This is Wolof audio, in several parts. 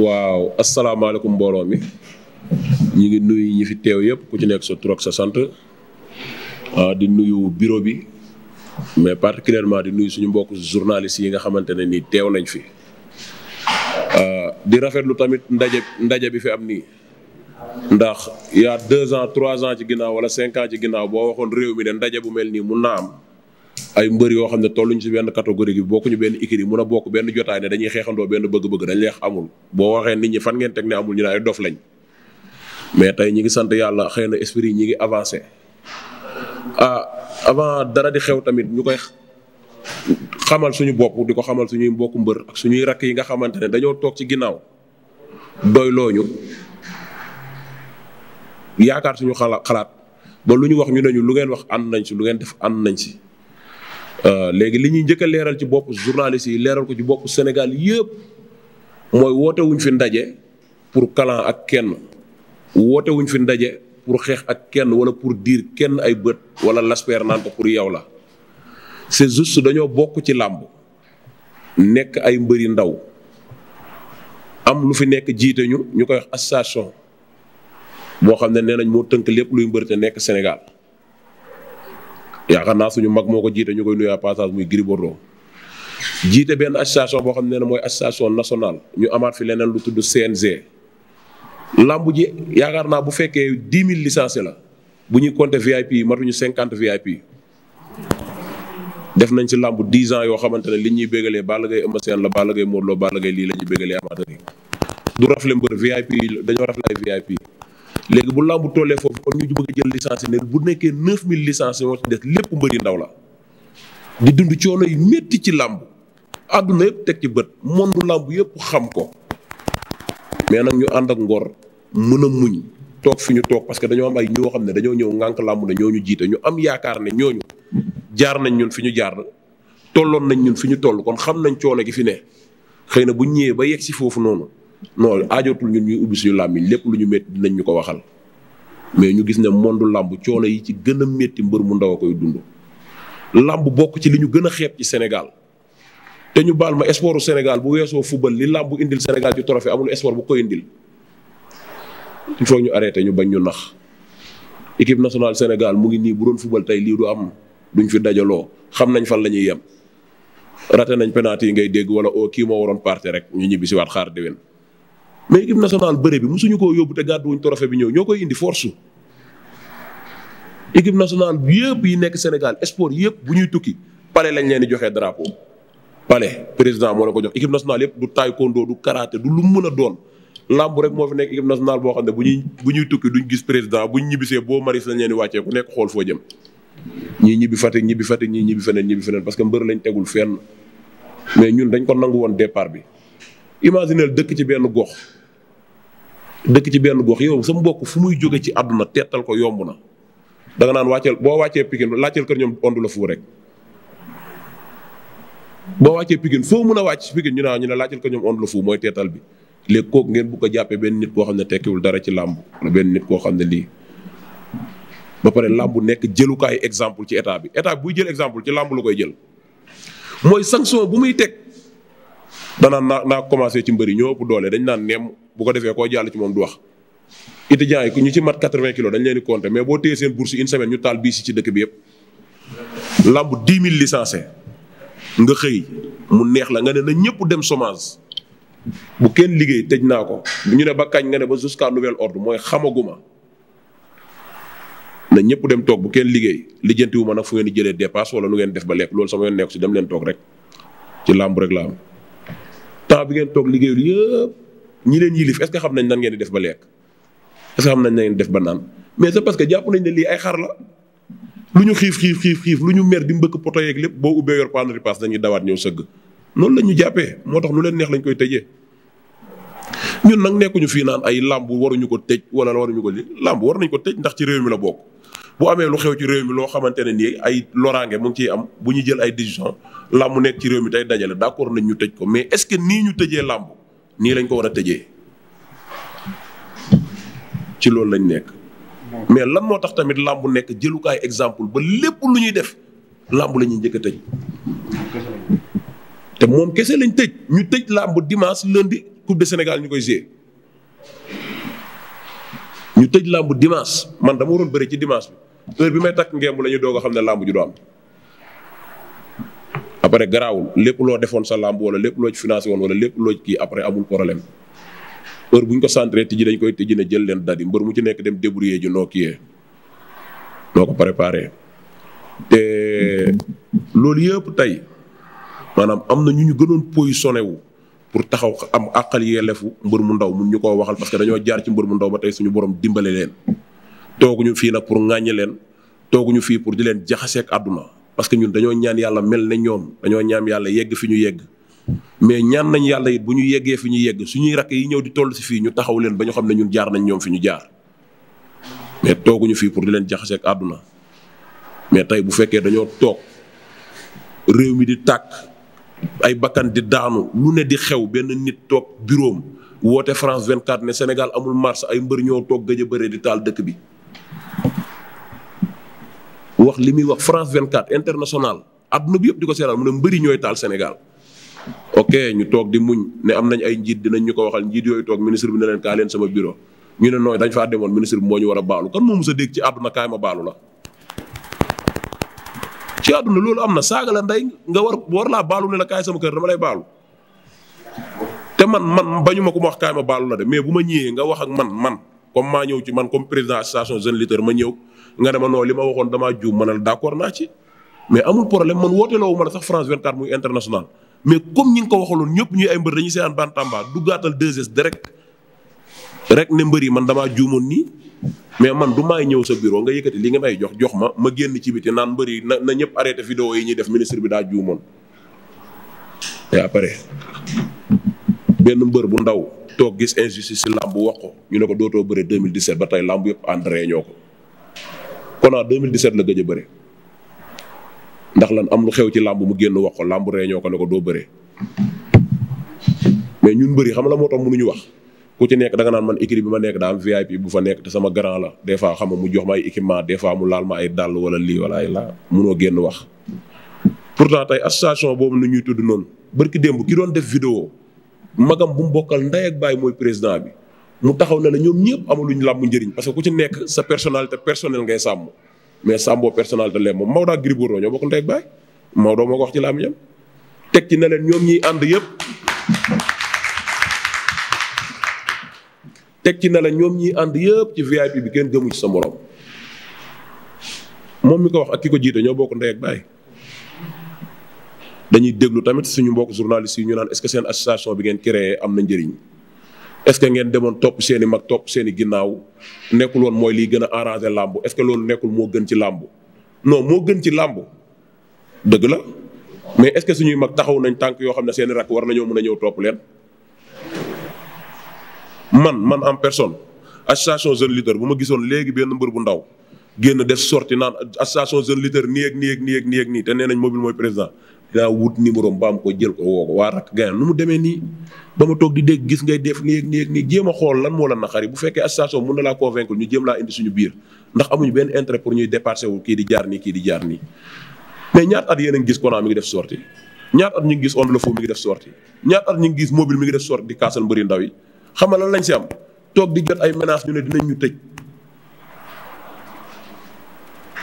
waaw asalaamaaleykum mbooloo mi ñu ngi nuyu ñi fi teew yëpp ku ci nekk sa tur ak sa sant ah, di nuyu bureau bi mais particulièrement di nuyu suñu mbokk journalistes yi nga xamante ne nii teew nañ fi ah, di rafetlu tamit ndaje ndaje bi fi am nii ndax y a deux ans trois ans ci ginnaaw wala cinq ans ci ginnaaw boo waxoon réew mi de ndaje bu mel nii mun naa am ay mbër yoo xam ne tolluñ ci benn catégorie bi ñu benn écurie mun a bokk benn jotaay ne dañuy xeexandoo benn bëgg-bëgg dañ leex amul boo waxee ni ñi fan ngeen teg ne amul ñu ne ay dof lañ tey ñi ngi sant yàlla xëy na esprit ñi ngi avancé ah avant dara di tamit ñu koy xamal suñu bopp di ko xamal suñuy mbokku mbër suñuy rakk yi nga xamante ne dañoo toog ci ginnaaw doy looñu yaakaar suñu xalaat ba lu ñu wax ñu ne ñu lu ngeen wax ànd nañ si lu ngeen def ànd nañ si Euh, léegi li ñuy njëkk a leeral ci bopp journaliste yi leeral ko ci bopp Sénégal yëpp mooy wootewuñ wuñ fi ndaje pour kalan ak kenn wootewuñ wuñ fi ndaje pour xeex ak kenn wala pour diir kenn ay bët wala laspeer naan pour yow la c'est juste dañoo bokk ci làmb nekk ay mbëri ndaw am lu fi nekk jiite ñu ñu koy wax association boo xam ne nee nañ moo tënk lépp luy mbër te nekk Sénégal yaakaar naa suñu mag moo ko jiite ñu koy nuyaa passage muy Gris Bordeaux jiite benn association boo xam ne mooy association nationale ñu amaat fi leneen lu tudd CNG. lamb ji yaakaar naa bu fekkee dix mille licenciés la bu ñuy compter VIP yi matuñu cinquante VIP def nañ ci lamb dix ans yoo xamante ne li ñuy bégalee Balla Gaye Eumeu Sène la Balla Gaye Modou Lo Balla lii la ñuy bégalee amateur yi du rafle mbër VIP dañoo rafle ay VIP. léegi bu làmb tollee foofu kon ñu bëgg a jël licence yi léegi bu nekkee 9000 licences yi moo ci des lépp mbëri ndaw la di dund coono yu métti ci làmb àdduna yëpp teg ci bët monde làmb yëpp xam ko mais nag ñu ànd ak ngor mën a muñ toog fi ñu toog parce que dañoo am ay ñoo xam ne dañoo ñëw ngànk làmb ne ñoo ñu jiite ñu am yaakaar ne ñoo ñu jaar nañ ñun fi ñu jaar tolloon nañ ñun fi ñu toll kon xam nañ coono gi fi ne xëy na bu ñëwee ba yegg si foofu noonu. non aajotul ñun ñuy ubbi suñu làmmiñ lépp lu ñu métti dinañ ñu ko waxal mais ñu gis ne mondu làmb coono yi ci gën a métti mbër mu ndaw a koy dund. làmb bokk ci li ñu gën a xeeb ci Sénégal te ñu baal ma sport Sénégal bu weesoo football li làmb indil Sénégal ci trophée amul sport bu koy indil il faut ñu arrêté ñu bañ ñu nax. équipe nationale Sénégal mu ngi nii bu doon football tey lii du am duñ fi dajaloo xam nañ fan la ñuy yem rate nañ penalty yi ngay dégg wala oo oh, kii moo waroon parté rek ñu ñibbisiwaat xaar déwén. mais équipe nationale bëre bi mosuñu ko yóbbu te gàdduwuñ trophée bi ñoo ñoo koy indi force équipe nationale yëpp yi nekk Sénégal sport yëpp bu ñuy tukki pale lañ leen di joxe drapeau. pale président moo la ko jox équipe nationale yëpp du taekwondo du karaté du lu mu mën a doon làmb rek moo fi nekk équipe nationale boo xam ne bu ñuy bu ñuy tukki duñ gis président bu ñibbisee boo maris lañ leen di wàccee ku nekk xool foo jëm. ñii ñibbi Fatick ñibbi Fatick ñii ñibbi feneen ñibbi feneen parce que mbër lañ tegul fenn mais ñun dañ ko nangu woon départ bi. imaginez dëkk ci benn gox. dëkk ci benn gox yow sama mbokk fu muy jóge ci àdduna tetal ko yomb na danga naan wàcceel boo wàccee Pikine laajteel kër ñoom ondu la fuu rek. boo wàccee Pikine foo mën a wàcc Pikine ñu naan ñu ne laajteel kër ñoom ondu la fuu mooy teetal bi léegi kook ngeen bu ko jàppee benn nit koo xam ne tekkiwul dara ci làmb benn nit koo xam ne lii. ba pare làmb nekk jëlukaayu exemple ci état bi état buy jël exemple ci làmb lu koy jël mooy sanction bu muy teg. danaa naa naa commencé ci mbëri ñoo ëpp doole dañ naan nemm bu ko defee koo jàll ci moom du wax étudiants yi ñu ci mat 80 kilo dañ leen di compter mais boo téye seen bourse une semaine ñu taal bii si ci dëkk bi yëpp lamb 10 000 licenciés nga xëy mu neex la nga ne na ñëpp dem chômage bu kenn liggéey tëj naa ko bu ñu ne ba kañ nga ne ba jusqu'à nouvel ordre mooy xamaguma na ñëpp dem toog bu kenn liggéey lijjantiwu ma nag fu ngeen di jëlee dépasse wala nu ngeen def ba lekk loolu sama yoon nekk si leen toog rek ci làmb rek la temps bi ngeen toog liggéeyul yëpp ñi leen yilif est ce que xam nañ nan ngeen di def ba lekk est ce que xam nañ na ngeen def ba naan mais c'est parce que jàpp nañ ne lii ay xar la lu ñu xiif xiif xiif xiif lu ñu mer di mbëkk poto yeeg lépp boo ubbee yor paanu ripaas dañuy dawaat ñëw sëgg noonu la ñu jàppee moo tax nu leen neex lañ koy tëjee ñun nag nekkuñu fii naan ay làmb waruñu ko tëj wala waruñu ko li làmb war nañ ko tëj ndax ci réew mi la bokk bu amee lu xew ci réew mi loo xamante ne nii ay loraange mu ngi ciy am bu ñu jël ay décision làmb nekk ci réew mi tey dajale d'accord nañ ñu tëj ko mais est-ce que nii ñu tëjee làmb nii lañ ko war a tëjee ci loolu lañ nekk. mais lan moo tax tamit làmb nekk jëlukaay exemple ba lépp lu ñuy def làmb la ñuy njëkk a tëj. te moom kese lañ tëj ñu tëj làmb dimanche lundi coupe de Sénégal ñu koy jouer ñu tëj làmb dimanche man dama waroon bëri ci dimanche bi heure bi may takk ngemb la ñu doog xam ne làmb ju do am. après garaawul lépp loo defoon sa làmb wala lépp loo ci financé woon wala lépp loo ci kii après amul problème heure bu ñu ko centré tijji dañ koy tijji ne jël leen dadi mbër mu ci nekk dem débrouiller ji noo kiyee noo ko préparé. te loolu yëpp tey maanaam am na ñu ñu gënoon positionné wu pour taxaw am àqal yeelefu mbër mu ndaw mun ñu koo waxal parce que dañoo jaar ci mbër mu ndaw ma tey suñu borom dimbale leen. tooguñu fii nag pour ŋàññi leen tooguñu fii pour di leen jaxaseek àdduna parce que ñun dañoo ñaan yàlla mel ne ñoom dañoo ñaan yàlla yegg fi ñu yegg mais ñaan nañ yàlla it bu ñu yeggee fi ñu yegg suñuy rakk yi ñëw di toll si fii ñu taxaw leen ba ñu xam ne ñun jaar nañ ñoom fi ñu jaar mais tooguñu fii pour di leen jaxaseeg àdduna mais tey bu fekkee dañoo toog réew mi di tàkk ay bakkan di daanu lu ne di xew benn nit toog bureau woote France 24 ne Sénégal amul mars ay mbër ñoo toog gëj a bëree di taal dëkk bi. wax li muy wax France 24 international àdduna bi yëpp di ko seetaan mu ne mbëri ñooy taal Sénégal. ok ñu toog di muñ ne am nañ ay njiit dinañ ñu ko waxal njiit yooyu toog ministre bi ne leen kaa leen sama bureau ñu ne nooy dañ faa demoon ministre bi moo ñu war a baalu kan moo mës a dégg ci àdduna kaay ma baalu la. ci àdduna loolu am na saaga la ndey nga war war laa baalu ne la kaay sama kër dama lay baalu te man man bañu ma ko ma wax kaay ma baalu la de mais bu ma ñëwee nga wax ak man man. comme maa ñëw ci man comme président association jeune lutteur ma ñëw nga ne ma non li ma waxoon damaa juum ma ne la d'accord naa ci. mais amul problème man woote loowu ma la sax France 24 muy international mais comme ñi nga ko waxaloon ñëpp ñuy ay mbër dañuy seetaan Bantamba du gàttal 2S direct rek ne mbër yi man damaa juumoon nii. mais man du maay ñëw sa bureau nga yëkkati lii nga may jox jox ma ma génn ci biti naan mbëri yi na ñëpp arrêté vidéo yi def ministre bi daa juumoon et après benn mbër bu ndaw. toog gis injustice si làmb wax ko ñu ne ko dootoo bëre 2017 ba tey làmb yëpp entraîné ñoo ko kon en 2017 la gëj a bëre ndax lan am lu xew ci làmb mu génn wax ko làmb réñoo ko ne ko doo bëre mais ñun bëri xam la moo tam tax ñu wax ku ci nekk da nga naan man équipe bi ma nekk daa am VIP bu fa nekk te sama grand la des fois xam nga mu jox ma ay équipement des fois mu laal ma ay dàll wala lii wala ay laa munoo génn wax pourtant tey association boobu nu ñuy tudd noonu barki démb ki doon def vidéo magam bu mu bokkal ndey ak baay mooy président bi mu taxaw na la ñoom ñëpp amaluñ làmb njëriñ parce que ku ci nekk sa personnalité personnelle ngay sàmm mais sàmmoo personnalité lem moom Maodo ak Gris Bordeaux ñoo bokk ndey ak baay Maodo moo ko wax ci làmb ñam teg ci na leen ñoom ñiy ànd yëpp teg ci na la ñoom ñi ànd yëpp ci VIP bi kenn gëmu ci sa morom moom mi ko wax ak ki ko jiite ñoo bokk ndey ak dañuy déglu tamit suñu mbokk journalistes yi ñu naan est-ce que seen association bi ngeen créé am na njëriñ est-ce que ngeen demoon topp seeni i mag topp seen i ginnaaw nekkul woon mooy liy gën a arranger làmb est-ce que loolu nekkul moo gën ci làmb non moo gën ci làmb dëgg la mais est-ce que suñuy mag taxaw nañ tànk yoo xam ne seen i rakk war nañoo mën a ñëw topp leen. man man en personne association jeune leader bu ma gisoon léegi benn mbër bu ndaw génn def sorti naan association jeune leader nii ak nii ak nii ak nii te nee nañ mobile mooy président dinaa wut numéro ba am ko jël ko woo ko waa rakk gayam nu mu demee nii ba ma toog di dégg gis ngay def nii ak nii ak jéem a xool lan moo la naqari bu fekkee association mën na laa convaincre ñu jéem laa indi suñu biir ndax amuñu benn intérêt pour ñuy dépassé kii di jaar nii kii di jaar nii mais a ngi gis Kona mi ngi def sorti ñaata ñu ngi gis Onde le Fou mi ñu gis mobile mi ngi def sorti di kaasal mbëri lañ si am toog di jot ay menaces ne dinañ ñu tëj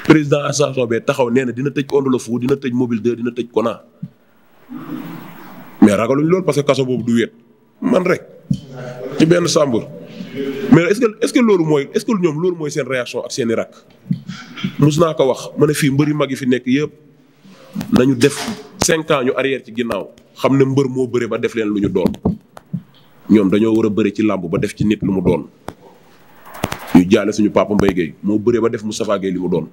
président association bee taxaw nee na dina tëj Onde le dina tëj mobile 2 dina tëj Kona mais ragaluñ loolu parce que kaso boobu du wéet man rek ci benn chambre mais est-ce ce que loolu mooy est-ce ñoom loolu mooy seen réaction ak seen i mus naa ko wax ma ne fii mbëri mag yi fi nekk yëpp nañu def cinq ans ñu arrière ci ginnaaw xam ne mbër moo bëre ba def leen lu ñu doon ñoom dañoo war a bëri ci làmb ba def ci nit lu mu doon. ñu jaale suñu papa Mbaye Gueye moo bëree ba def Moustapha Gueye li mu doon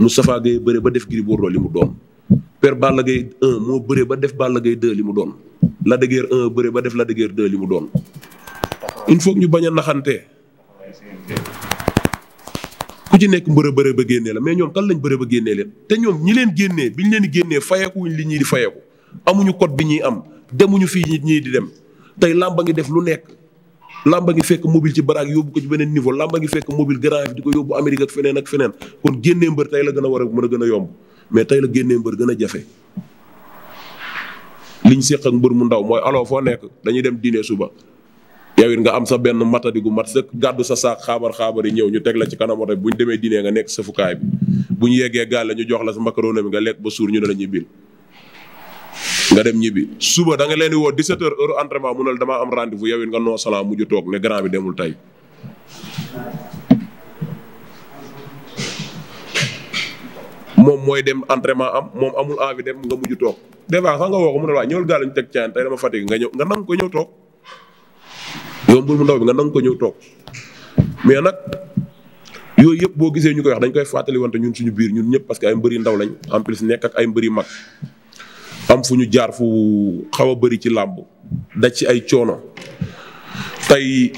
Moustapha Gueye bëree ba def Gris Bordeaux li mu doon Père Balla Gaye moo bëree ba def Balla Gaye 2 li mu doon Lac de Guiers 1 bëree ba def Lac de Guiers li mu doon il faut ñu bañ a naxante ku ci nekk mbërë bëre ba génnee la mais ñoom kan lañ bëre ba génnee leen te ñoom ñi leen génnee ñu leen génnee fayeekuñ li ñii di fayeeku amuñu kot bi ñuy am demuñu fii ñi ñii di dem tey làmba ngi def lu nekk làmba ngi fekk mobile ci baraag yóbbu ko ci beneen niveau lamba ngi fekk mobile grand di ko yóbbu Amérique ak feneen ak feneen kon génnee mbër tey la gën a war a mën a gën a yomb mais tey la génne mbër gën a jafe. liñ séq ak mbër mu ndaw mooy aloo foo nekk dañuy dem dîner suba yow it nga am sa benn matadi gu mat sa gàddu sa saak xaabar xaabar yi ñëw ñu teg la ci kanam oto bu ñu demee dîner nga nekk sa bi bu ñu yeggee gaal la ñu jox la sa macaroni bi nga lekk ba suur ñu ne la ñuy bil nga dem ñibbi suba danga nga leen di woo 17 heures o entraînement mu ne la damaa am rendez-vous yow it nga noo salaam toog ne grand bi demul mooy dem entraînement am moom amul envie dem nga mujj toog des fois sax nga woo mu ne waaye ñëwal gaal ñu teg caa tey dama fatigué nga ñëw nga nangu ko ñëw toog. yow mbir mu ndaw bi nga nangu ko ñëw toog mais nag yooyu yëpp boo gisee ñu koy wax dañ koy fàttali wante ñun suñu biir ñun ñëpp parce que ay mbëri ndaw lañ en nekk ak ay mbëri mag. am fu ñu jaar fu xaw a bëri ci làmb daj ci ay coono tey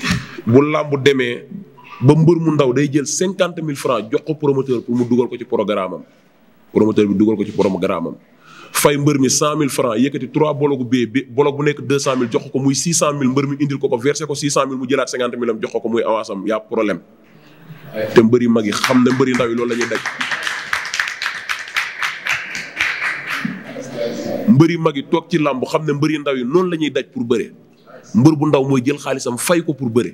bu làmb demee ba mbër mu ndaw day jël cinquante mille francs jox ko promoteur pour mu dugal ko ci programme bi dugal ko ci programme am fay mbër mi cent mille francs yëkkati trois bologu bee bi bolog bu nekk deux cent mille jox ko muy six cent mille mi indil ko ko versé mu jox ko muy avance am problème te mbër yu mag yi xam na mbër yu ndaw loolu la ñuy daj. mbëri mag yi toog ci làmb xam ne mbëri ndaw yi noonu la ñuy daj pour bëre mbër bu ndaw mooy jël xaalisam fay ko pour bëre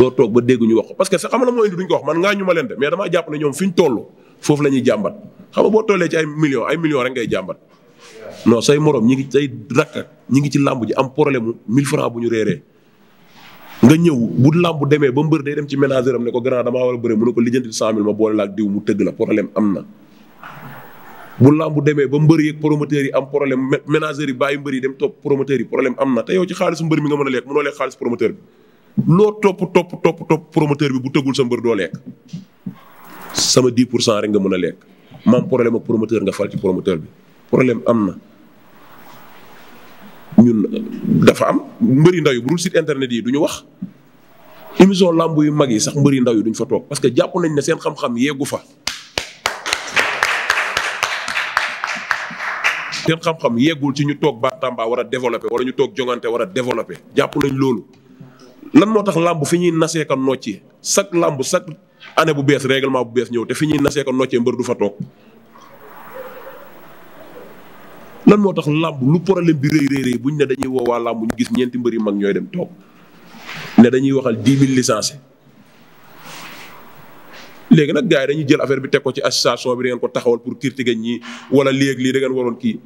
doo toog ba dégg ñu wax ko parce que sax xam la moo man ngaa ñu ma mais damaa jàpp ne ñoom fi ñu foofu la ñuy jàmbat xam nga boo tollee ci ay millions ay millions rek ngay jàmbat non say morom ñi ngi say rakk ñi ngi ci làmb ji am problème mu francs bu ñu reeree nga ñëw bu làmb demee ba mbër day dem ci ménager am ne ko grand damaa war a bëre mu ne ko lijjanti 100000 ma boole la diw mu tëgg la problème bu làmb demee ba mbër yeeg promoteurs yi am problème ménageurs yi bàyyi mbër yi dem topp promoteurs yi problème am na te yow ci xaalisu mbër mi nga mën a lekk mënoo loo topp topp topp topp promoteur bi bu tëggul sa mbër doo lekk pour cent rek nga mën a lekk maam problème ak promoteur nga fal ci promoteur bi problème am na ñun dafa am mbëri ndaw yi bu dul site internet yi du ñu wax émission làmb yu mag yi sax mbëri ndaw yi duñ fa toog parce que jàpp nañ na seen xam-xam yeegu fa seen xam-xam yeggul ci ñu toog Bantamba war a développé wala ñu toog jongante war a développé jàpp nañ loolu. lan moo tax làmb fi ñuy nasee ka noccee chaque làmb chaque année bu bees règlement bu bees ñëw te ñuy nasee ka noccee mbër du fa toog. moo tax làmb lu problème bi rëy rëy rëy buñ ne dañuy woo waa ñu gis ñeenti mbër yu mag ñooy dem toog ne dañuy waxal dix mille licenciés léegi nag gars yi dañuy jël affaire bi teg ko ci association bi da ngeen ko taxawal pour critiquer ñi wala léeg lii da ngeen waroon kii.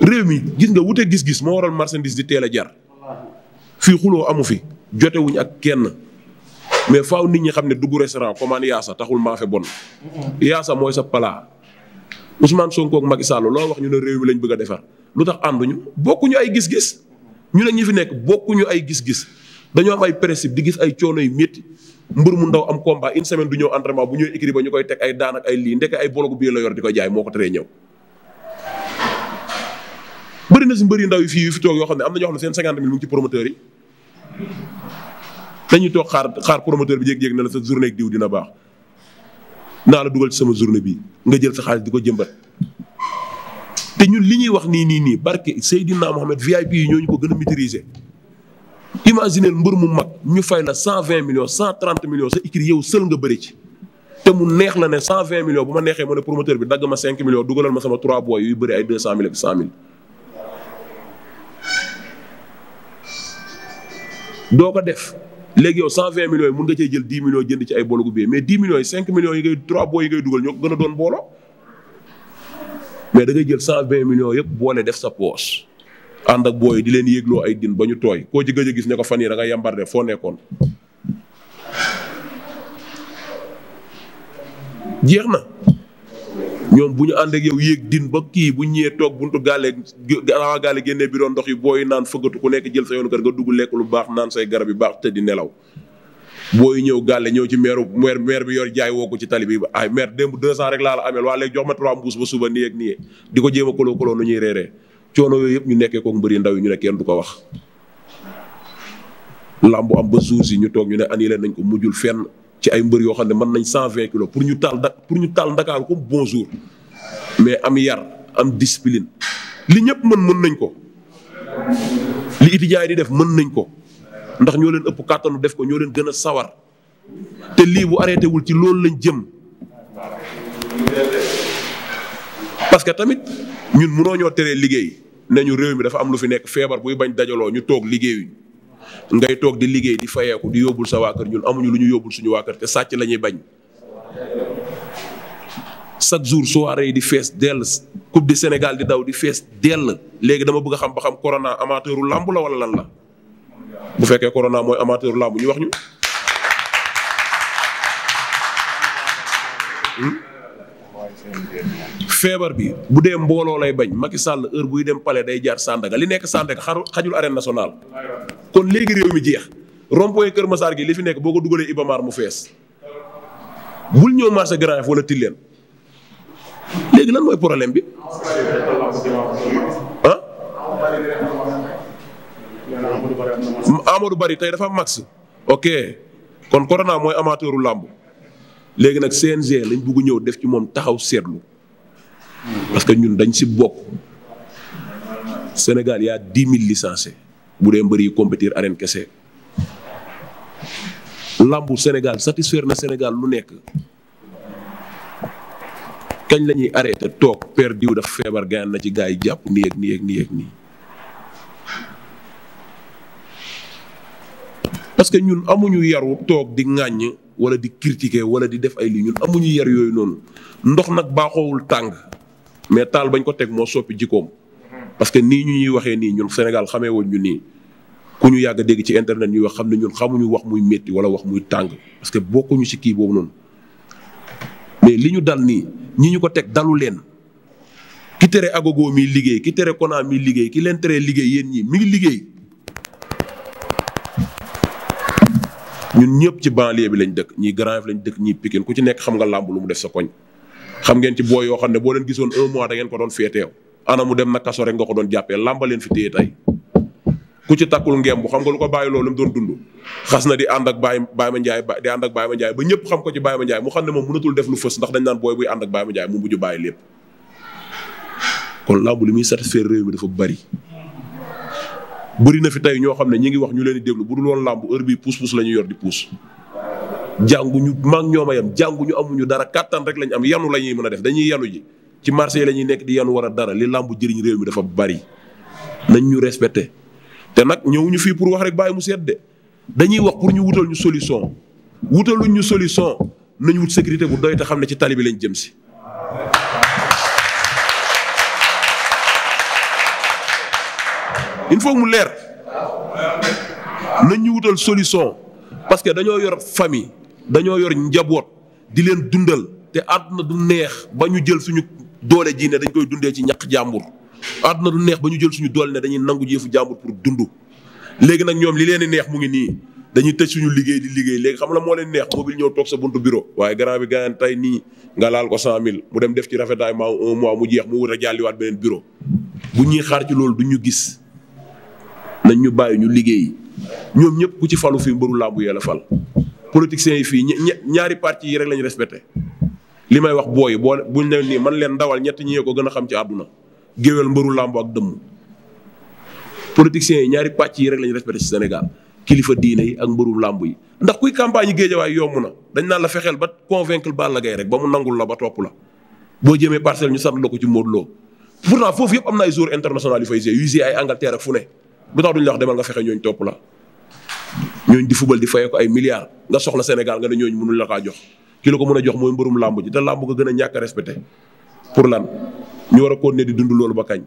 réew mi gis nga wute gis-gis moo waral marchandise di teel a jar fii xuloo amu fi jotewuñ ak kenn mais faaw nit ñi xam ne dugg restaurant commande yaasa taxul maafe bon yaasa mooy sa palaa Ousmane Sonko ak Macky Sall loo wax ñu ne réew mi lañ bëgg a defar lu tax ànduñu bokkuñu ay gis-gis ñu ne ñi fi nekk bokkuñu ay gis-gis dañoo am ay principe di gis ay coono yu métti mbër mu ndaw am combat une semaine du ñëw entraînement bu ñëw écrit ñu koy teg ay daan ak ay lii ndeke ay yor di ko jaay moo ko ñëw. bëri na si mbëri ndaw yi fii yu fi toog yoo xam ne am na ñoo xam ne seen mu ci promoteur yi dañuy toog xaar xaar promoteur bi jékki-jékki na la sa journée ak diw dina baax naa la dugal ci sama journée bi nga jël sa xaalis di ko jëmbat. te ñu li ñuy wax nii nii nii barke Seydina Mohamed VIP yi ñooñu ko gën a maîtriser imagineel mbër mu mag ñu fay la cent vingt millions cent trente millions sa écrit yow sël nga bëri ci. te mu neex la ne cent vingt bu ma neexee ma ne promoteur bi dagg doo ko def léegi yow 120 millions yi mun nga cee jël 10 millions jënd ci ay boolu gu bee mais 10 millions yi 5 millions yi ngay 3 boo yi ngay dugal ñoo gën a doon booloo mais da ngay jël 120 millions yëpp boole def sa poche ànd ak booy di leen yéegloo ay din ba ñu tooy koo ci gëj a gis ne ko fan yii da nga yàmbar de foo nekkoon. jeex na ñoom bu ñu ànd ak yow yéeg din ba kii bu ñëwee toog buntu gaale gaa gaale génnee bi doon ndox yi booy naan fëggatu ku nekk jël sa yoonu kër nga dugg lekk lu baax naan say garab yi baax te di nelaw. booy ñëw gaale ñëw ci meeru meer meer bi yor jaay woo ko ci tali bi ay meer démb 200 rek laa la ameel waa léegi jox ma 3 mbuus ba suba nii ak nii di ko jéem a koloo koloo nu ñuy reeree coono yooyu yëpp ñu nekkee koog mbëri ndaw yi ñu ne kenn du ko wax. làmb am ba jour si ñu toog ñu ne annulé nañ ko mujjul fenn ci ay mbër yoo xam ne mën nañ cent vingt kilos pour ñu taal pour ñu taal ndakaaru comme bonjour mais am yar am discipline li ñëpp mën mën nañ ko li étudiants yi di def mën nañ ko ndax ñoo leen ëpp kàttanu def ko ñoo leen gën a sawar te lii bu arrêté wul ci loolu lañ jëm parce que tamit ñun mënoo ñoo teree liggéey ne ñu réew mi dafa am lu fi nekk feebar buy bañ dajaloo ñu toog liggéeyuñ ngay toog di liggéey di fayeeku di yóbbul sa waa kër ñun amuñu lu ñu yóbbul suñu waa kër te sàcc la ñuy bañ chaque jour soirée yi di fees dell coupe du Sénégal di daw di fees dell léegi dama bëgg a xam ba xam corona amateuru làmb la wala lan la bu fekkee corona mooy amateuru làmb ñu wax ñu. Hmm? feebar bi bu dee mbooloo lay bañ Macky Sall heure buy dem pale day jaar Sandaga li nekk Sandaga xaru xajul arène nationale. kon léegi réew mi jeex rond-point Kër Massar gi li fi nekk boo ko dugalee Ibamar mu fees bul ñëw marché Grand Yoff wala Tilène léegi lan mooy problème bi ah. Amadou Bari tey dafa max ok kon corona mooy amateuru làmb léegi nag CNG lañ bugg ñëw def ci moom taxaw seetlu parce ñun dañ si bokk Sénégal y a dix mille licenciés. bu dee mbër yi compétir arène kese. lambu Sénégal satisfaire na Sénégal mu nekk kañ la ñuy arrêté toog per diw dafa feebar gaan na ci gaa yi jàpp nii ak nii ak nii ak parce que ñun amuñu yaru toog di ŋàññ wala di critiquer wala di def ay lii ñun amuñu yar yooyu noonu ndox nag baaxoowul tàng mais taal bañ ko teg moo soppi jikkoom. parce que nii ñu ñuy waxee nii ñun Sénégal xamee woon ñu nii ku ñu yàgg a dégg ci internet ñuy wax xam ne ñun xamuñu wax muy metti wala wax muy tàng parce que bokkuñu ci kii boobu noonu mais li ñu dal nii ñi ñu ko teg dalu leen ki tere agogo mi liggéey ki tere mi liggéey ki leen tere liggéey yéen ñi mi ngi liggéey ñun ñëpp ci banlieue bi lañ dëkk ñii Grand Yoff lañ dëkk ñii Pikine ku ci nekk xam nga làmb lu mu def sa koñ xam ngeen ci boo yoo xam ne boo leen gisoon un mois da ngeen ko doon féeteew mu dem na kaso rek nga ko doon jàppee làmba leen fi téye tey ku ci takkul ngeem bu xam nga lu ko bàyyi loolu mu doon dund xas na di ànd ak Baye Baye Ma Ndiaye di ànd ak Baye Ma Ndiaye ba ñëpp xam ko ci Baye Ma Ndiaye mu xam ne moom mënatul def lu fës ndax dañ naan booy buy ànd ak Baye mu mujj bàyyi lépp kon làmb li muy satisfaire réew mi dafa bari bëri na fi tey ñoo xam ne ñi ngi wax ñu leen di déglu bu du woon làmb heure bii puus-puus la ñu yor di puus jànguñu maag ñoom a yem ñu amuñu dara kàttan rek lañ am yanu la ñuy mën a def dañuy yanu ji ci marché yi la ñuy nekk di yan war a dara li làmb jëriñ réew mi dafa bari nañ ñu respecté te nag ñëwuñu fii pour wax rek bàyyi mu seet de dañuy wax pour ñu wutal ñu solution wutaluñ ñu solution nañ wut sécurité bu doy te xam ne ci tali bi lañ jëm si. il faut mu leer nañ ñu wutal solution parce que dañoo yor famille dañoo yor njaboot di leen dundal te àdduna du neex ba ñu jël suñu doole jii ne dañ koy dundee ci ñaq jàmbur na du neex ba ñu jël suñu doole ne dañuy nangu jëfu jàmbur pour dund léegi nag ñoom li leen di neex mu ngi nii dañuy tëj suñu liggéey di liggéey léegi xam na moo leen neex mobile ñëw toog sa buntu bureau waaye grand bi gaañ tey nii nga laal ko cent mille mu dem def ci rafetaay ma un mois mu jeex mu wut a jàlliwaat beneen bureau bu ñuy xaar ci loolu duñu gis nañ ñu bàyyi ñu liggéey ñoom ñëpp ku ci falu fii mbëru làmb yee la fal politiciens yi fii ñaari parti yi rek lañ respecté li may wax booy boo buñ leen nii man leen ndawal ñetti ñi ko gën a xam ci àdduna géwél mbëru làmb ak dëmm politiciens yi ñaari pàcc yi rek lañu respecté ci Sénégal kilifa diine yi ak mbëru làmb yi ndax kuy campagne yi géejawaay yomb na dañ naan la fexeel ba convaincre Balla Gaye rek ba mu nangul la ba topp la boo jëmee parcelle ñu sant la ko ci Modou Lo pourtant foofu yëpp am na ay joueurs internationaux yu fay jouer yu ay Angleterre ak fu ne lu tax duñ la wax fexe ñooñ topp la ñooñ di fubal di fayee ko ay milliards nga soxla Sénégal nga ne ñooñu la kaa jox ki la ko mën a jox mooy mbërum làmb ji te làmb ko gën a ñàkk a respecté pour lan ñu war a ne di dund loolu ba kañ.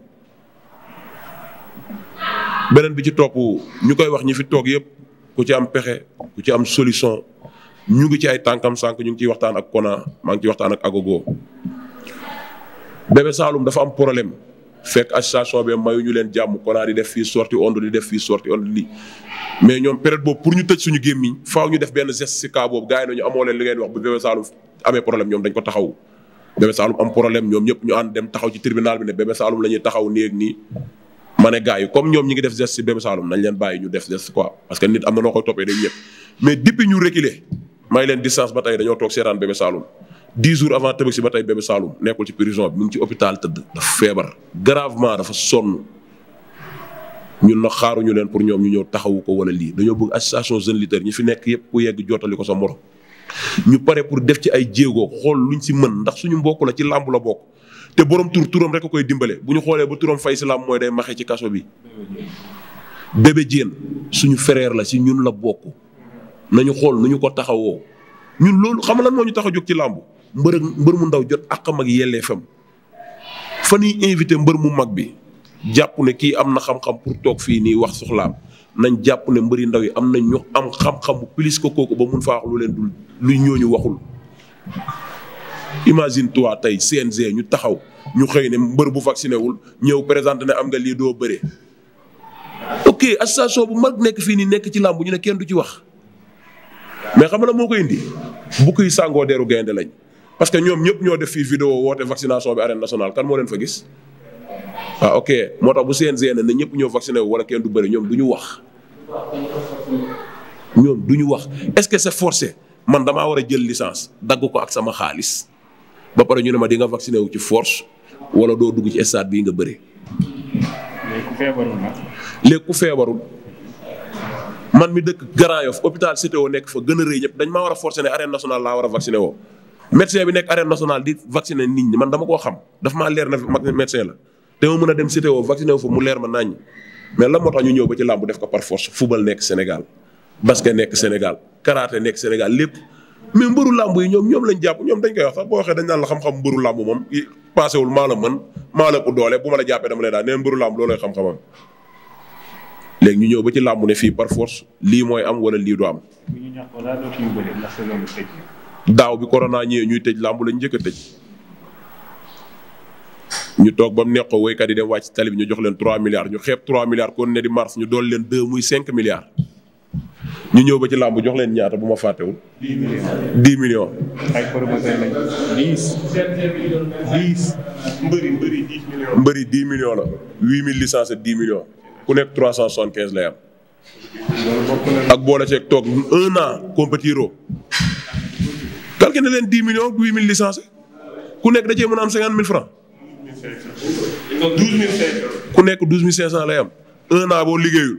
beneen bi ci topp ñu koy wax ñi fi toog yëpp ku ci am pexe ku ci am solution ñu ngi ci ay tànkam sànq ñu ngi ciy waxtaan ak Kona maa ngi ciy waxtaan ak Agogo Bébé Saloum dafa am problème. fekk association bi mayuñu leen jàmm konaa di def fii sorti ond di def fii sorti ond lii mais ñoom période boobu pour ñu tëj suñu gémmiñ faaw ñu def benn geste si cas boobu gars yi nañu amoo leen li bu Bébé Saloum am problème ñoom ñëpp ñu ànd dem taxaw ci tribunal bi ne Bébé Saloum la ñuy taxaw nii ak nii ma ne yi comme ñoom ñi ngi def geste si Bébé Saloum nañ leen bàyyi ñu def geste quoi parce que nit am na noo koy toppee dañ ñëpp dix jours avant Tabaski ba tey Bébé Saloum nekkul ci prison bi mu ngi ci hôpital tëdd. dafa feebar gravement dafa sonn ñun na xaaruñu leen pour ñoom ñu ñëw taxawu ko wala lii dañoo bëgg association jeune lutteur ñi fi nekk yëpp ku yegg jottali ko sa morom. ñu pare pour def ci ay jéego xool luñ si mën ndax suñu mbokk la ci làmb la bokk te borom tur turam rek koy dimbale bu ñu xoolee ba turam fay si làmb mooy day maxe ci kaso bi. Bébé Diène suñu frère la si ñun la bokk nañu xool nu ñu ko taxawoo ñun loolu xam lan moo ñu tax a ci làmb mbër mbër mu ndaw jot àqam ak fam fa ñuy invité mbër mu mag bi jàpp ne kii am na xam-xam pour toog fii nii wax soxlaam nañ jàpp ne mbëri ndaw yi am nañ ñu am xam-xam bu plus ko kooku ba mun faa wax lu leen dul lu ñooñu waxul. imagine toi tey CNG ñu taxaw ñu xëy ne mbër bu vacciné wul ñëw présenté ne am nga lii doo bëree. ok association bu mag nekk fii nii nekk ci làmb ñu ne kenn du ci wax mais xam nga moo koy indi bu kuy sàngoo deru gaynde lañ. parce que ñoom ñëpp ñoo def fii vidéo woote vaccination bi arène nationale kan moo leen fa gis ah, ok moo tax bu seen CNG ne ñëpp ñoo vacciné wu wala kenn du bëri ñoom du ñu wax. ñoom du ñu wax est-ce que c'est forcé man damaa war a jël licence dagg ko ak sama xaalis ba pare ñu ne ma di nga vacciné wu ci force wala doo dugg ci stade bii nga bëri. léegi ku feebarul nag. léegi ku feebarul man mi dëkk Grand Yoff hôpital Cité woo nekk fa gën a rëy ñëpp dañ maa war a forcé ne arène nationale woo. médecin bi nekk arène nationale di vacciner nit ñi man dama koo xam dafa maa leer na médecin la te ma mën a dem CTO vacciné wu fa mu leer ma naññ mais lan moo tax ñu ñëw ba ci làmb ko par force football nekk Sénégal basket nekk Sénégal karaté nekk Sénégal lépp mais mbëru làmb yi ñoom ñoom lañ jàpp ñoom dañ koy wax waxee dañ xam-xam mbëru làmb la mën maa la ko doole bu ma la jàppee dama lay daal nee mbëru làmb loolooy xam-xamam léegi ñu ñëw ba ci làmb ne fii par force lii mooy am wala lii du am. bu ñu daaw bi corona ñëwee ñuy tëj làmb lañ njëkk a tëj ñu toog ba mu nekk ko woykat yi dem wàcc tali bi ñu jox leen 3 milliards ñu xeeb 3 milliards kon ne di mars ñu dool leen 2 muy 5 milliards. ñu ñëw ba ci làmb jox leen ñaata bu ma fàttewul. 10 millions 10 millions. ay promoteurs lañ 10. 10. mbëri mbëri 10 millions. la 8000 licences ak 10 millions ku nekk 375 lay am. ak boole ceeg toog un an compétiro calculé leen dix millions huit mille licenciés ku nekk da cee mën a am cinquante mille francs. ku nekk douze mille cinq cent lay am un an boo liggéeyul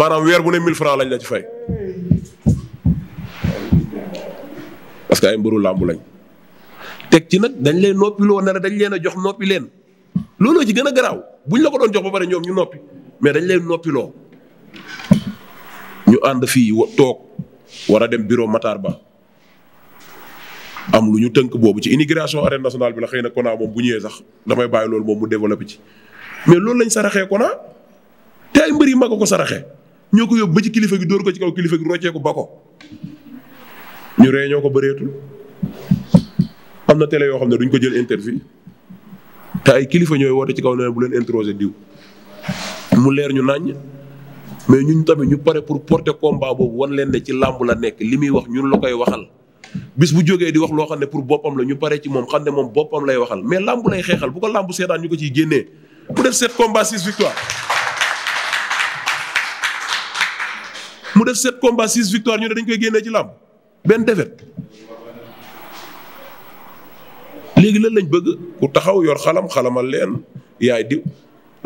maanaam weer bu ne mille francs lañ la ci parce que ay mbëru lañ. teg ci nag dañ leen noppiloo ne dañ leen a jox noppi leen looloo ci gën a garaaw buñ la ko doon jox ba pare ñoom ñu noppi mais dañ leen noppiloo ñu ànd fii toog war a dem bureau Matar Ba. am lu ñu tënk boobu ci inigration arène nationale bi la xëy na Kona moom bu ñëwee sax damay bàyyi loolu moom mu développé ci. mais loolu lañ saraxee Kona te ay mbër yi mag ko saraxee ñoo ko yóbbu ba ci kilifa gi dóor ko ci kaw kilifa gi roccee ko ba ko ñu ree ñoo ko bëreetul am na tele yoo xam ne duñ ko jël interview te ay kilifa ñooy woote ci kaw ne bu leen introsé diw mu leer ñu naññ. mais ñun tamit ñu pare pour porter combat boobu wan leen ne ci làmb la nekk li muy wax ñun la koy waxal. bis bu jógee di wax loo xam ne pour boppam la ñu pare ci moom xam ne moom boppam lay waxal mais làmb lay xeexal bu ko làmb seetaan ñu ko ciy génnee mu def sept combats six victoire mu def sept combats six victoire ñu ne dañ koy génnee ci làmb benn défaite léegi lan lañ bëgg ku taxaw yor xalam xalamal leen yaay diw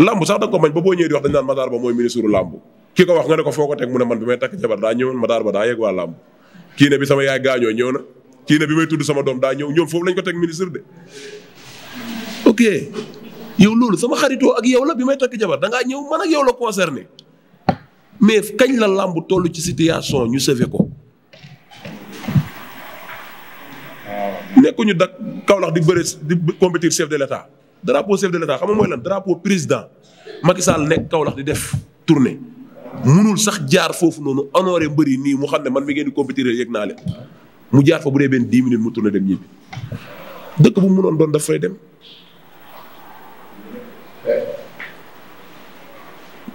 làmb sax da ko mañ ba boo ñëwee di wax dañ naan Matar Ba mooy ministre làmb ki ko wax nga ne ko foo ko teg mu ne man bi may takk jabar daa ñëwoon Matar Ba daa yegg waa làmb kii ne bi sama yaay gaañoo ñëw na kii ne bi may tudd sama doom daa ñëw ñoom foofu lañ ko teg ministre de. ok yow loolu sama xaritoo ak yow la bi may takk jabar da ngaa ñëw man ak yow la concerné mais kañ la làmb toll ci situation ñu sauvé ko. nekkuñu dak Kaolack di bëre di compétir chef de l'état drapeau chef de l'état xam nga mooy lan drapeau président Macky Sall nekk Kaolack di def tournée. munul sax jaar foofu noonu honoré mbër nii mu xam ne man mi ngeen di compétir yëg naa leen mu jaar fa bu dee benn dix minutes mu tourné dem ñibbi dëkk bu munoon doon daf fay dem.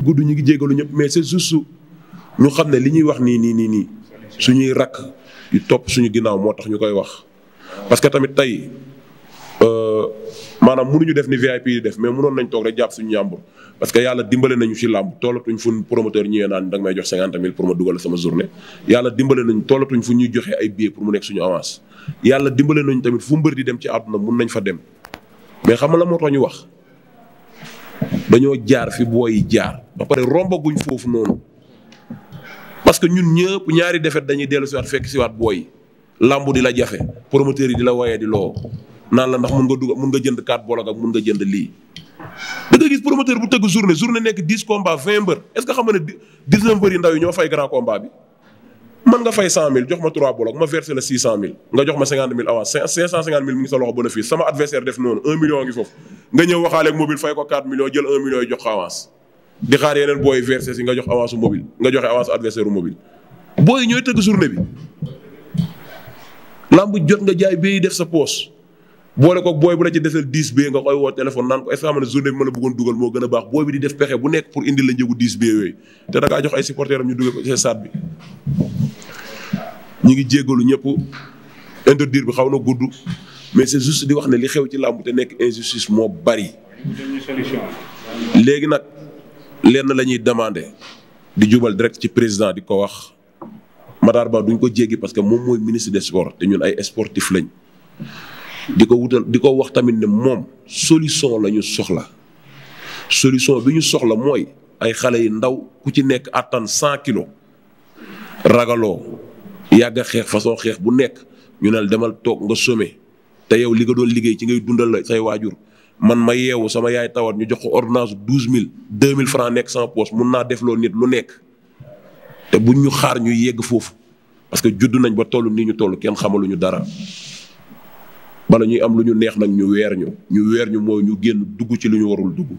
gudd ñu ngi jégalu ñëpp mais c'est juste ñu xam ne li ñuy wax nii nii nii nii suñuy rakk yu topp suñu ginnaaw moo tax ñu koy wax parce que tamit tey. Euh, maanaam mënuñu def ni VIP di def mais mënoon nañ toog rek jàpp suñu ñàmbur parce que yàlla dimbale nañu ci làmb toolatuñ fuñ promoteur ñëwee naan danga ma dugal sama journée dimbale nañ toolatuñ fu ñuy joxe ay billets pour mu nekk suñu avance yàlla dimbale nañu tamit fu mbër dem ci àdduna mun nañ fa dem mais xam nga la moo tax ñu wax dañoo jaar fi booy jaar ba pare guñ foofu noonu parce que ñun ñëpp ñaari defet dañuy dellu siwaat fekk siwaat booy làmb di la jafe promoteur yi di la wayee di loo naa la ndax mun nga dugg mun nga jënd 4 bolok ak mun nga jënd lii. da nga gis promoteur bu tëgg journée journée nekk 10 combats 20 est-ce que xam nga ne 19 mbër yi ndaw yi ñoo fay nga jox ma 3 bolok ma versé la 600000 nga jox ma 50000 avance 550000 mi ngi sa loxo bénéfice sama adversaire def noonu 1 million ngi foofu. nga ñëw waxaale ak mobile fay ko 4 millions jël 1 million jox avance di xaar yeneen booy versé si nga jox avance mobile nga joxe bi def sa poche. boole ko booy bu la ci desal 10 bee nga koy woo téléphone naan ko est-ce que xam ne journée bi ma la bëggoon dugal moo gën a baax booy bi di def pexe bu nekk pour indi la njëgu ñu dugal ko ci ñëpp interdire bi xaw na gudd mais c'est juste di wax ne li xew ci làmb nekk injustice moo bari. léegi nag lenn la ñuy demander di jubal direct ci président di ko wax Matar Ba duñ ko jéggi parce que moom mooy ministre des sports te ñun ay sportif lañ. di ko wutal di ko wax tamit ne moom solution la ñu soxla solution bi ñu soxla mooy ay xale yi ndaw ku ci nekk attan cent kilos ragaloo yàgg a xeex façon xeex bu nekk ñu ne demal toog nga some te yow li nga doon liggéey ci ngay dundal la say waajur man ma yeewu sama yaay tawat ñu jox ko ordonnance douze mille deux mille francs nekk sans poche mun naa def loo nit lu nekk te buñ ñu xaar ñu yegg foofu parce que judd nañ ba toll nii ñu toll kenn xamaluñu dara. bala ñu am lu ñu neex nag ñu weer ñu ñu weer ñu mooy ñu génn dugg ci lu ñu warul dugg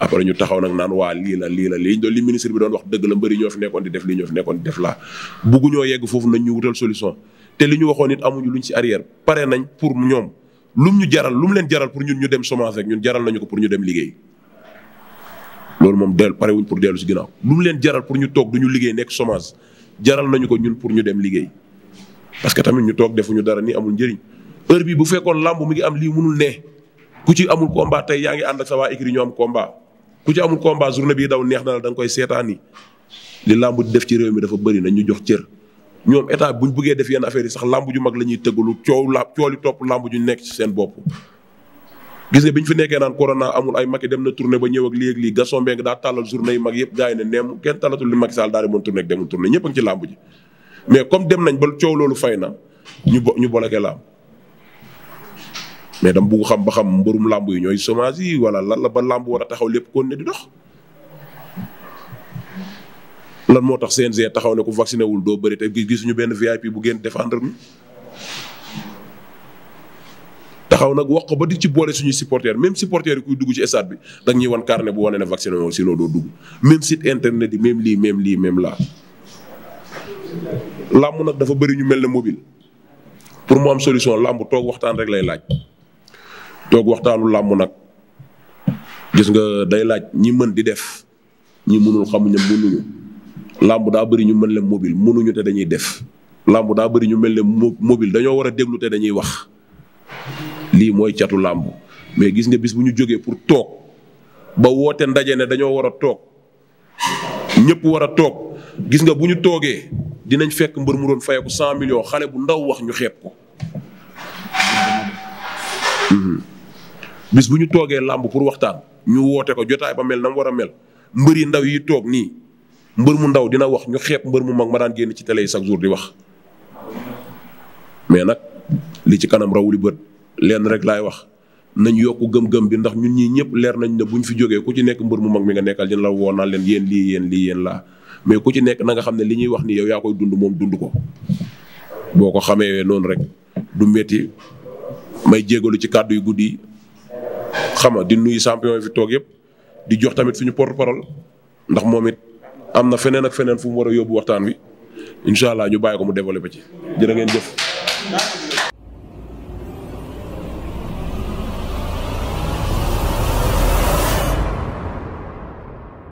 après ñu taxaw nag naan waa lii la lii la lii doon li ministre bi doon wax dëgg la mbëri ñoo fi nekkoon di def lii ñoo fi nekkoon di def laa buggu ñoo yegg foofu nañ ñu wutal solution te li ñu waxoon it amuñu luñ ci arrière pare nañ pour ñoom lum ñu jaral lum leen jaral pour ñun ñu dem semence rek ñun jaral nañu ko pour ñu dem liggéey loolu moom del pare wuñ pour dellu si ginnaaw lum leen jaral pour ñu toog du liggéey nekk semence jaral nañu ko ñun pour ñu dem liggéey parce que tamit ñu toog defuñu dara ni amul njëriñ heure bii bu fekkoon làmb mu ngi am lii munul ne ku ci amul combat tey yaa ngi ànd ak sa waa écrit ñu am combat ku ci amul combat journée bii daw neex na la da nga koy seetaani li làmb di def ci réew mi dafa bëri nañ ñu jox cër. ñoom état bu ñu bëggee def yenn affaire yi sax làmb ju mag la ñuy tëggalu coow la coow li topp làmb ju nekk ci seen bopp. gis nga bi ñu fi nekkee naan corona amul ay Macky dem na tournée ba ñëw ak lii ak lii Gaston Mbengue daa tàllal journée yu mag yëpp gars yi ne neem kenn tàllatul li Macky Sall daal di mën ñëpp a ngi ci làmb ji mais comme dem nañ ba coow loolu fay na ñu bo ñu boleke làmb mais dama bugg xam ba xam mbërum làmb yi ñooy chômage yi wala lan la ba làmb war a taxaw lépp kon ne di dox. lan moo tax CNG taxaw ne ku vacciné wul doo bëri te gisuñu benn VIP bu gën défendre ñu. taxaw nag wax ko ba di ci boole suñuy supporters même supporters yi kuy dugg ci stade bi dag ñuy wan carnet bu wane ne vacciné si sinon doo dugg même site internet yi même lii même lii même là. làmb nag dafa bëri ñu mel ne mobile pour mu am solution làmb toog waxtaan rek lay laaj. toog waxtaanu làmb nag gis nga day laaj ñi mën di def ñi mënul xamuñu mënuñu làmb daa bari ñu mën leen mobile mënuñu te dañuy def. làmb daa bari ñu mel ne mobile dañoo war a déglu te dañuy wax lii mooy catu làmb mais gis nga bis bu ñu jógee pour toog ba woote ndaje ne dañoo war a toog ñëpp war a toog gis nga bu ñu toogee dinañ fekk mbër mu doon fayeku cent millions xale bu ndaw wax ñu xeeb ko. Hmm. bis bu ñu toogee làmb pour waxtaan ñu woote ko jotaay ba mel na mu war a mel mbër yi ndaw yi toog nii mbër mu ndaw dina wax ñu xeeb mbër mu mag ma daan génn ci télé yi chaque di wax. mais nag li ci kanam rawuli bët lenn rek laay wax nañ yokk gëm-gëm bi ndax ñun ñii ñëpp leer nañ ne buñ fi jógee ku ci nekk mbër mu mag mi nga nekkal dina la woo naan leen yéen lii yéen lii yéen laa mais ku ci nekk nanga xam ne li ñuy wax ni yow yaa koy dund moom dund ko boo ko xamee noonu rek du métti may jégalu ci kàddu yu guddi xam nga di nuyu champion yi fi toog yëpp di jox tamit suñu porte parole ndax moom it am na feneen ak feneen fu mu war a yóbbu waxtaan wi incha allah ñu bàyyi ko mu développé ci jërë ngeen jëf.